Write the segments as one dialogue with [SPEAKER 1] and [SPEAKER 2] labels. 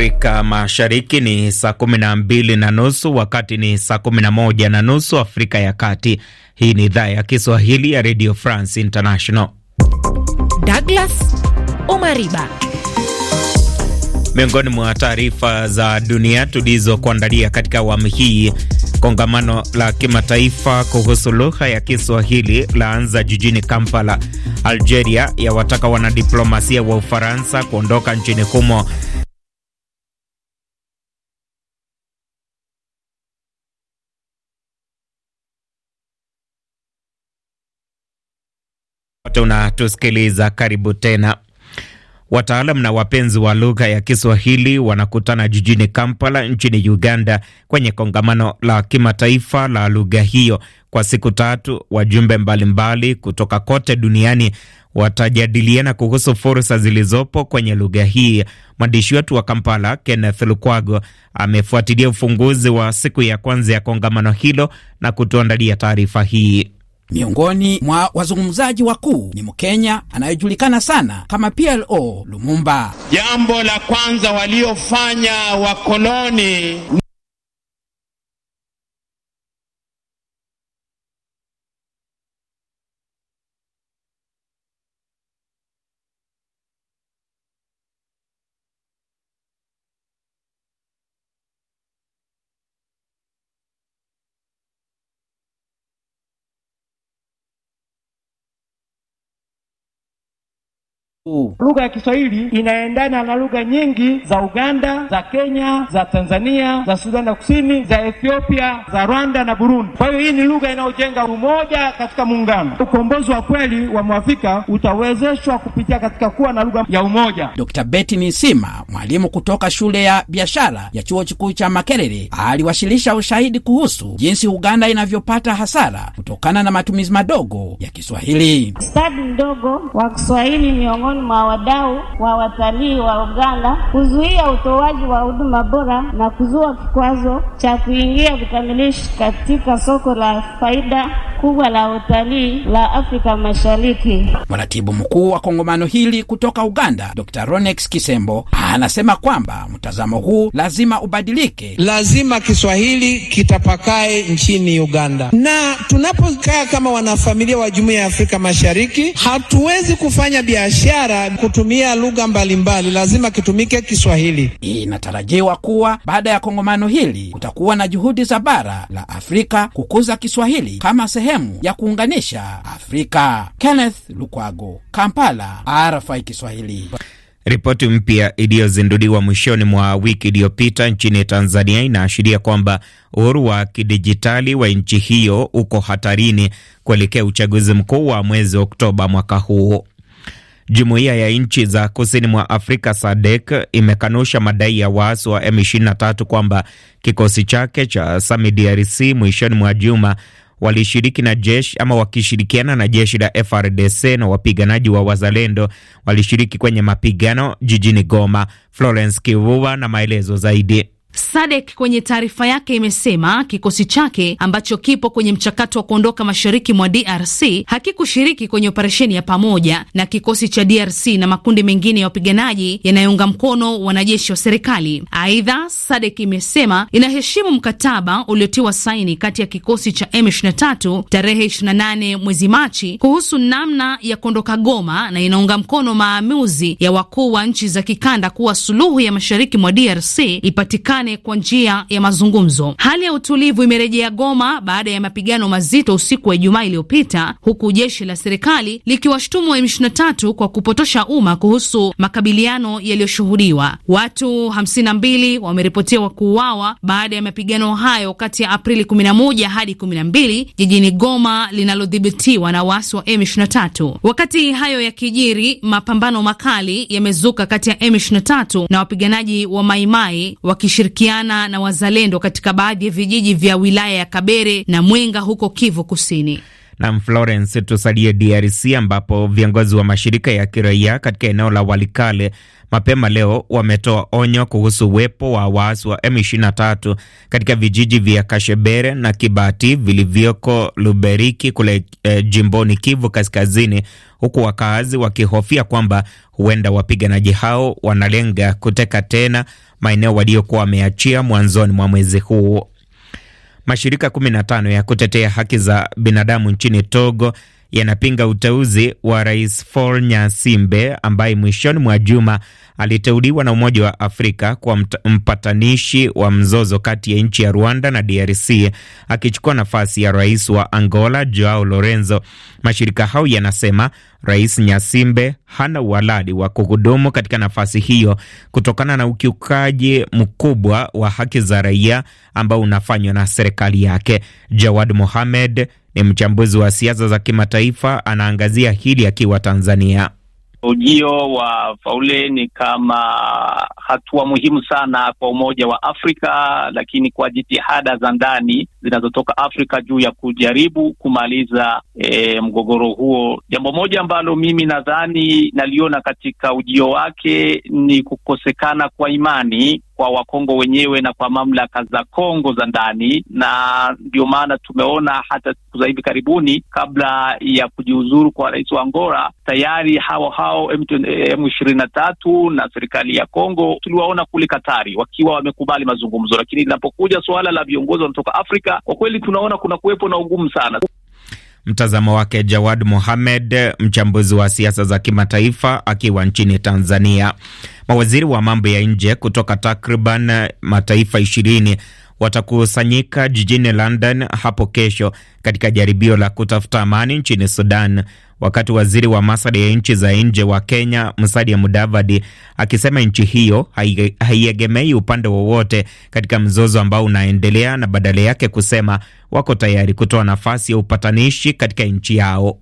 [SPEAKER 1] Afrika Mashariki ni saa kumi na mbili na nusu wakati ni saa kumi na moja na nusu Afrika ya Kati. Hii ni idhaa ya Kiswahili ya Radio France International.
[SPEAKER 2] Douglas Omariba,
[SPEAKER 1] miongoni mwa taarifa za dunia tulizokuandalia katika awamu hii Kongamano la kimataifa kuhusu lugha ya Kiswahili laanza jijini Kampala. Algeria yawataka wanadiplomasia wa Ufaransa kuondoka nchini humo. popote unatusikiliza, karibu tena. Wataalam na wapenzi wa lugha ya Kiswahili wanakutana jijini Kampala nchini Uganda kwenye kongamano la kimataifa la lugha hiyo. Kwa siku tatu, wajumbe mbalimbali kutoka kote duniani watajadiliana kuhusu fursa zilizopo kwenye lugha hii. Mwandishi wetu wa Kampala, Kenneth Lukwago, amefuatilia ufunguzi wa siku ya kwanza ya kongamano hilo na kutuandalia taarifa hii.
[SPEAKER 3] Miongoni mwa wazungumzaji wakuu ni Mkenya anayejulikana sana kama PLO Lumumba. Jambo la kwanza waliofanya wakoloni Lugha ya Kiswahili inaendana na lugha nyingi za Uganda, za Kenya, za Tanzania, za Sudani Kusini, za Ethiopia, za Rwanda na Burundi. Kwa hiyo hii ni lugha inayojenga umoja katika muungano. Ukombozi wa kweli wa Mwafrika utawezeshwa kupitia katika kuwa na lugha ya umoja. Dr. Betty Nisima, mwalimu kutoka shule ya biashara ya chuo kikuu cha Makerere, aliwasilisha ushahidi kuhusu jinsi Uganda inavyopata hasara kutokana na matumizi madogo ya Kiswahili.
[SPEAKER 2] Stadi ndogo wa Kiswahili miongoni miongoni mwa wadau wa watalii wa Uganda kuzuia utoaji wa huduma bora na kuzua kikwazo cha kuingia vikamilishi katika soko la faida kubwa la utalii la Afrika Mashariki.
[SPEAKER 3] Mratibu mkuu wa kongamano hili kutoka Uganda, Dr. Ronex Kisembo, anasema kwamba mtazamo huu lazima ubadilike. Lazima Kiswahili kitapakae nchini Uganda, na tunapokaa kama wanafamilia wa Jumuiya ya Afrika Mashariki hatuwezi kufanya biashara kutumia lugha mbalimbali, lazima kitumike Kiswahili. Inatarajiwa kuwa baada ya kongamano hili kutakuwa na juhudi za bara la Afrika kukuza Kiswahili kama sehemu sehemu ya kuunganisha Afrika. Kenneth Lukwago, Kampala, RFI Kiswahili.
[SPEAKER 1] Ripoti mpya iliyozinduliwa mwishoni mwa wiki iliyopita nchini Tanzania inaashiria kwamba uhuru wa kidijitali wa nchi hiyo uko hatarini kuelekea uchaguzi mkuu wa mwezi Oktoba mwaka huu. Jumuiya ya nchi za kusini mwa Afrika SADC imekanusha madai ya waasi wa M23 kwamba kikosi chake cha SAMI DRC mwishoni mwa juma walishiriki na jeshi ama wakishirikiana na jeshi la FRDC na wapiganaji wa wazalendo walishiriki kwenye mapigano jijini Goma. Florence Kivuva na maelezo zaidi.
[SPEAKER 4] SADC kwenye taarifa yake imesema kikosi chake ambacho kipo kwenye mchakato wa kuondoka mashariki mwa DRC hakikushiriki kwenye operesheni ya pamoja na kikosi cha DRC na makundi mengine ya wapiganaji yanayounga mkono wanajeshi wa serikali. Aidha, SADC imesema inaheshimu mkataba uliotiwa saini kati ya kikosi cha M23 tarehe 28 mwezi Machi kuhusu namna ya kuondoka Goma na inaunga mkono maamuzi ya wakuu wa nchi za kikanda kuwa suluhu ya mashariki mwa DRC ipatikane ipatikane kwa njia ya mazungumzo. Hali ya utulivu imerejea Goma baada ya mapigano mazito usiku wa Ijumaa iliyopita, huku jeshi la serikali likiwashutumu M23 kwa kupotosha umma kuhusu makabiliano yaliyoshuhudiwa. Watu 52 wameripotiwa kuuawa baada ya mapigano hayo kati ya Aprili 11 hadi 12 jijini Goma linalodhibitiwa na waasi wa M23. Wakati hayo yakijiri, mapambano makali yamezuka kati ya M23 na wapiganaji wa Maimai wakishiriki kushirikiana na wazalendo katika baadhi ya vijiji vya wilaya ya Kabere na Mwenga huko Kivu Kusini.
[SPEAKER 1] Na Florence, tusalie DRC ambapo viongozi wa mashirika ya kiraia katika eneo la Walikale mapema leo wametoa onyo kuhusu uwepo wa waasi wa M23 katika vijiji vya Kashebere na Kibati vilivyoko Luberiki kule e, jimboni Kivu Kaskazini, huku wakaazi wakihofia kwamba huenda wapiganaji hao wanalenga kuteka tena maeneo waliokuwa wameachia mwanzoni mwa mwezi huu. Mashirika 15 ya kutetea haki za binadamu nchini Togo yanapinga uteuzi wa Rais Faure Nyasimbe ambaye mwishoni mwa juma aliteuliwa na Umoja wa Afrika kwa mpatanishi wa mzozo kati ya nchi ya Rwanda na DRC akichukua nafasi ya rais wa Angola Joao Lorenzo. Mashirika hayo yanasema Rais Nyasimbe hana uhalali wa kuhudumu katika nafasi hiyo kutokana na ukiukaji mkubwa wa haki za raia ambao unafanywa na serikali yake. Jawad Mohamed ni mchambuzi wa siasa za kimataifa, anaangazia hili akiwa Tanzania. Ujio wa Faule ni kama hatua muhimu sana kwa Umoja wa Afrika, lakini kwa jitihada za ndani zinazotoka Afrika juu ya kujaribu kumaliza e, mgogoro huo. Jambo moja ambalo mimi nadhani naliona katika ujio wake ni kukosekana kwa imani kwa Wakongo wenyewe na
[SPEAKER 3] kwa mamlaka za Kongo za ndani, na ndio maana tumeona hata siku za hivi karibuni kabla ya kujiuzuru kwa rais wa Angola, tayari hao hao M eh, ishirini na tatu na serikali ya Kongo tuliwaona kule Katari wakiwa wamekubali mazungumzo, lakini linapokuja suala la viongozi wanatoka Afrika Afrika, kwa kweli tunaona kuna kuwepo na ugumu sana.
[SPEAKER 1] Mtazamo wake Jawad Mohamed, mchambuzi wa siasa za kimataifa akiwa nchini Tanzania. Mawaziri wa mambo ya nje kutoka takriban mataifa ishirini watakusanyika jijini London hapo kesho katika jaribio la kutafuta amani nchini Sudan wakati waziri wa masada ya nchi za nje wa Kenya Musalia Mudavadi akisema nchi hiyo haiegemei upande wowote katika mzozo ambao unaendelea na badala yake kusema wako tayari kutoa nafasi ya upatanishi katika nchi yao.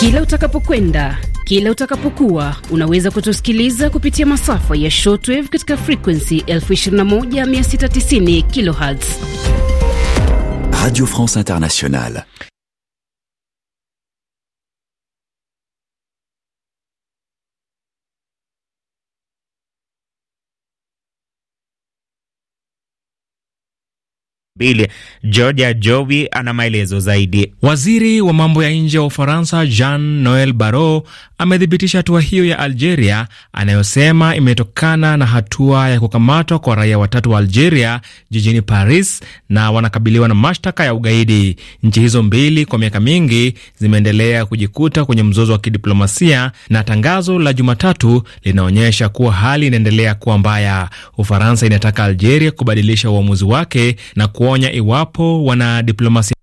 [SPEAKER 2] Kila utakapokwenda kila utakapokuwa unaweza kutusikiliza kupitia masafa ya shortwave katika frequency 21690 kilohertz. Radio France Internationale.
[SPEAKER 1] mbili. Georgia Jovi ana maelezo zaidi. Waziri wa mambo ya nje wa Ufaransa Jean Noel Barrot amethibitisha hatua hiyo ya Algeria anayosema imetokana na hatua ya kukamatwa kwa raia watatu wa Algeria jijini Paris na wanakabiliwa na mashtaka ya ugaidi. Nchi hizo mbili kwa miaka mingi zimeendelea kujikuta kwenye mzozo wa kidiplomasia na tangazo la Jumatatu linaonyesha kuwa hali inaendelea kuwa mbaya. Ufaransa inataka Algeria kubadilisha uamuzi wake na kuonya iwapo wanadiplomasia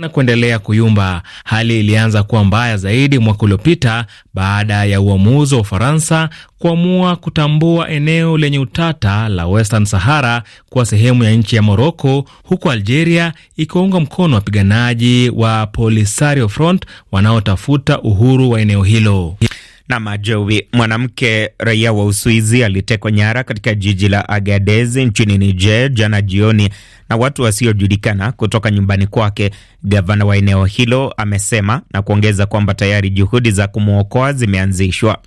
[SPEAKER 1] na kuendelea kuyumba. Hali ilianza kuwa mbaya zaidi mwaka uliopita baada ya uamuzi wa Ufaransa kuamua kutambua eneo lenye utata la Western Sahara kuwa sehemu ya nchi ya Moroko, huku Algeria ikiwaunga mkono wapiganaji wa Polisario Front wanaotafuta uhuru wa eneo hilo na majowi. Mwanamke raia wa Uswizi alitekwa nyara katika jiji la Agadez nchini Niger jana jioni na watu wasiojulikana kutoka nyumbani kwake, gavana wa eneo hilo amesema, na kuongeza kwamba tayari juhudi za kumwokoa zimeanzishwa.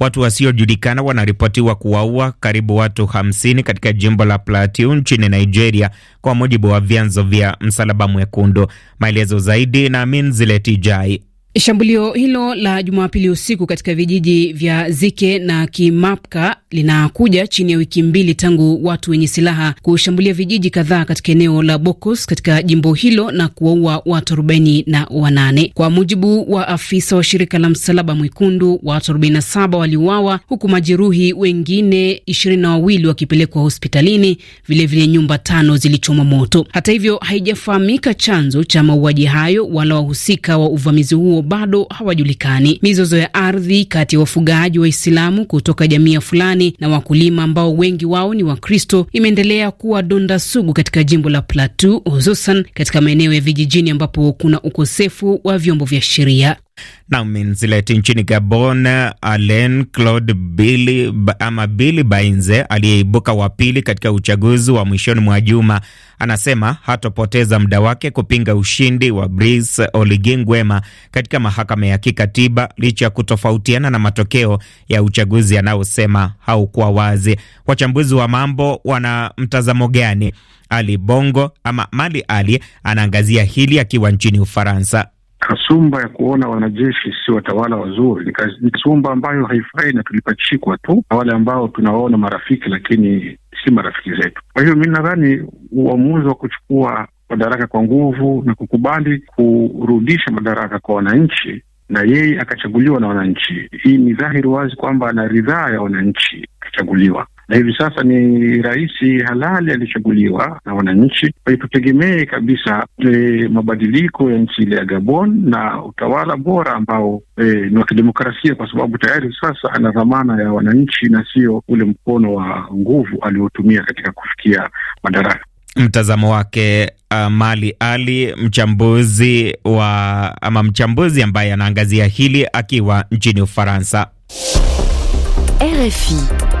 [SPEAKER 1] Watu wasiojulikana wanaripotiwa kuwaua karibu watu hamsini katika jimbo la Plateau nchini Nigeria, kwa mujibu wa vyanzo vya Msalaba Mwekundu. Maelezo zaidi na Amin Jai.
[SPEAKER 2] Shambulio hilo la Jumapili usiku katika vijiji vya Zike na Kimapka linakuja chini ya wiki mbili tangu watu wenye silaha kushambulia vijiji kadhaa katika eneo la Bokos katika jimbo hilo na kuwaua watu arobaini na wanane. Kwa mujibu wa afisa wa shirika la Msalaba Mwekundu, watu saba waliuawa huku majeruhi wengine ishirini na wawili wakipelekwa hospitalini. Vilevile vile nyumba tano zilichomwa moto. Hata hivyo, haijafahamika chanzo cha mauaji hayo wala wahusika wa uvamizi huo bado hawajulikani. Mizozo ya ardhi kati ya wafugaji Waislamu kutoka jamii fulani na wakulima ambao wengi wao ni Wakristo imeendelea kuwa donda sugu katika jimbo la Plateau, hususan katika maeneo ya vijijini ambapo kuna ukosefu wa vyombo vya sheria.
[SPEAKER 1] Na mminzileti nchini Gabon, Alain Claude Billy ama Bili Bainze aliyeibuka wa pili katika uchaguzi wa mwishoni mwa juma anasema hatopoteza muda wake kupinga ushindi wa Brice Oligui Nguema katika mahakama ya kikatiba licha ya kutofautiana na matokeo ya uchaguzi yanayosema haukuwa wazi. Wachambuzi wa mambo wana mtazamo gani? Ali Bongo ama Mali Ali anaangazia hili akiwa nchini Ufaransa kasumba ya kuona wanajeshi si watawala wazuri ni kasumba ambayo haifai na tulipachikwa tu na wale ambao tunawaona marafiki, lakini si marafiki zetu. Kwa hiyo mi nadhani uamuzi wa kuchukua madaraka kwa nguvu na kukubali kurudisha madaraka kwa wananchi na yeye akachaguliwa na wananchi, hii ni dhahiri wazi kwamba ana ridhaa ya wananchi akachaguliwa na hivi sasa ni rais halali alichaguliwa na wananchi. Kwa hiyo tutegemee kabisa e, mabadiliko ya nchi ile ya Gabon na utawala bora ambao e, ni wa kidemokrasia, kwa sababu tayari sasa ana dhamana ya wananchi
[SPEAKER 3] na sio ule mkono wa nguvu aliotumia katika kufikia madaraka.
[SPEAKER 1] Mtazamo wake uh, Mali Ali, mchambuzi wa ama mchambuzi ambaye anaangazia hili akiwa nchini Ufaransa.
[SPEAKER 2] RFI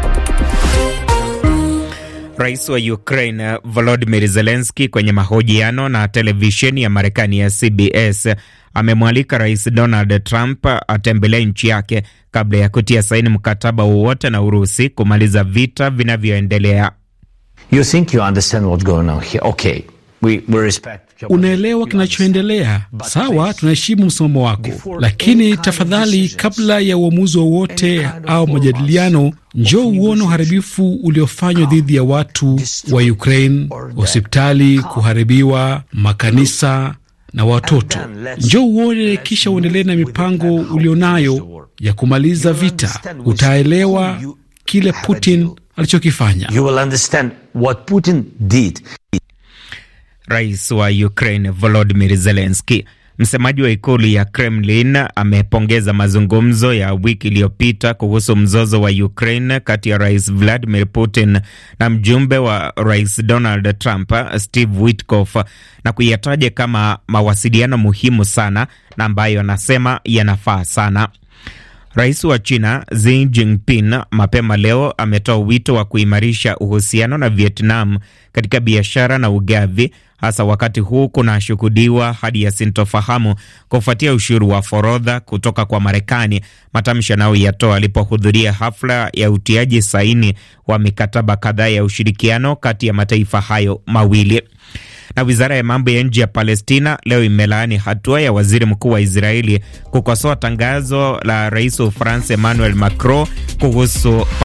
[SPEAKER 1] Rais wa Ukraine volodimir zelenski kwenye mahojiano na televisheni ya Marekani ya CBS amemwalika Rais Donald Trump atembelee nchi yake kabla ya kutia saini mkataba wowote na Urusi kumaliza vita vinavyoendelea. You think you understand what's going on here. Okay. We, we respect
[SPEAKER 3] unaelewa kinachoendelea. Sawa, tunaheshimu msimamo wako, lakini tafadhali, kabla ya uamuzi wowote au majadiliano, njoo uone uharibifu uliofanywa dhidi ya watu wa Ukraine, hospitali kuharibiwa, makanisa na watoto. Njoo uone, kisha uendelee na mipango ulionayo ya kumaliza vita. Utaelewa kile Putin alichokifanya
[SPEAKER 1] rais wa Ukraine volodimir zelenski Msemaji wa ikulu ya Kremlin amepongeza mazungumzo ya wiki iliyopita kuhusu mzozo wa Ukraine kati ya rais Vladimir Putin na mjumbe wa rais Donald Trump Steve Witkoff na kuyataja kama mawasiliano muhimu sana na ambayo anasema yanafaa sana. Rais wa China Xi Jinping mapema leo ametoa wito wa kuimarisha uhusiano na Vietnam katika biashara na ugavi hasa wakati huu kunashuhudiwa hadi ya sintofahamu kufuatia ushuru wa forodha kutoka kwa Marekani, matamshi anayoyatoa alipohudhuria hafla ya utiaji saini wa mikataba kadhaa ya ushirikiano kati ya mataifa hayo mawili. Na wizara ya mambo ya nje ya Palestina leo imelaani hatua ya waziri mkuu wa Israeli kukosoa tangazo la rais wa Ufaransa Emmanuel Macron kuhusu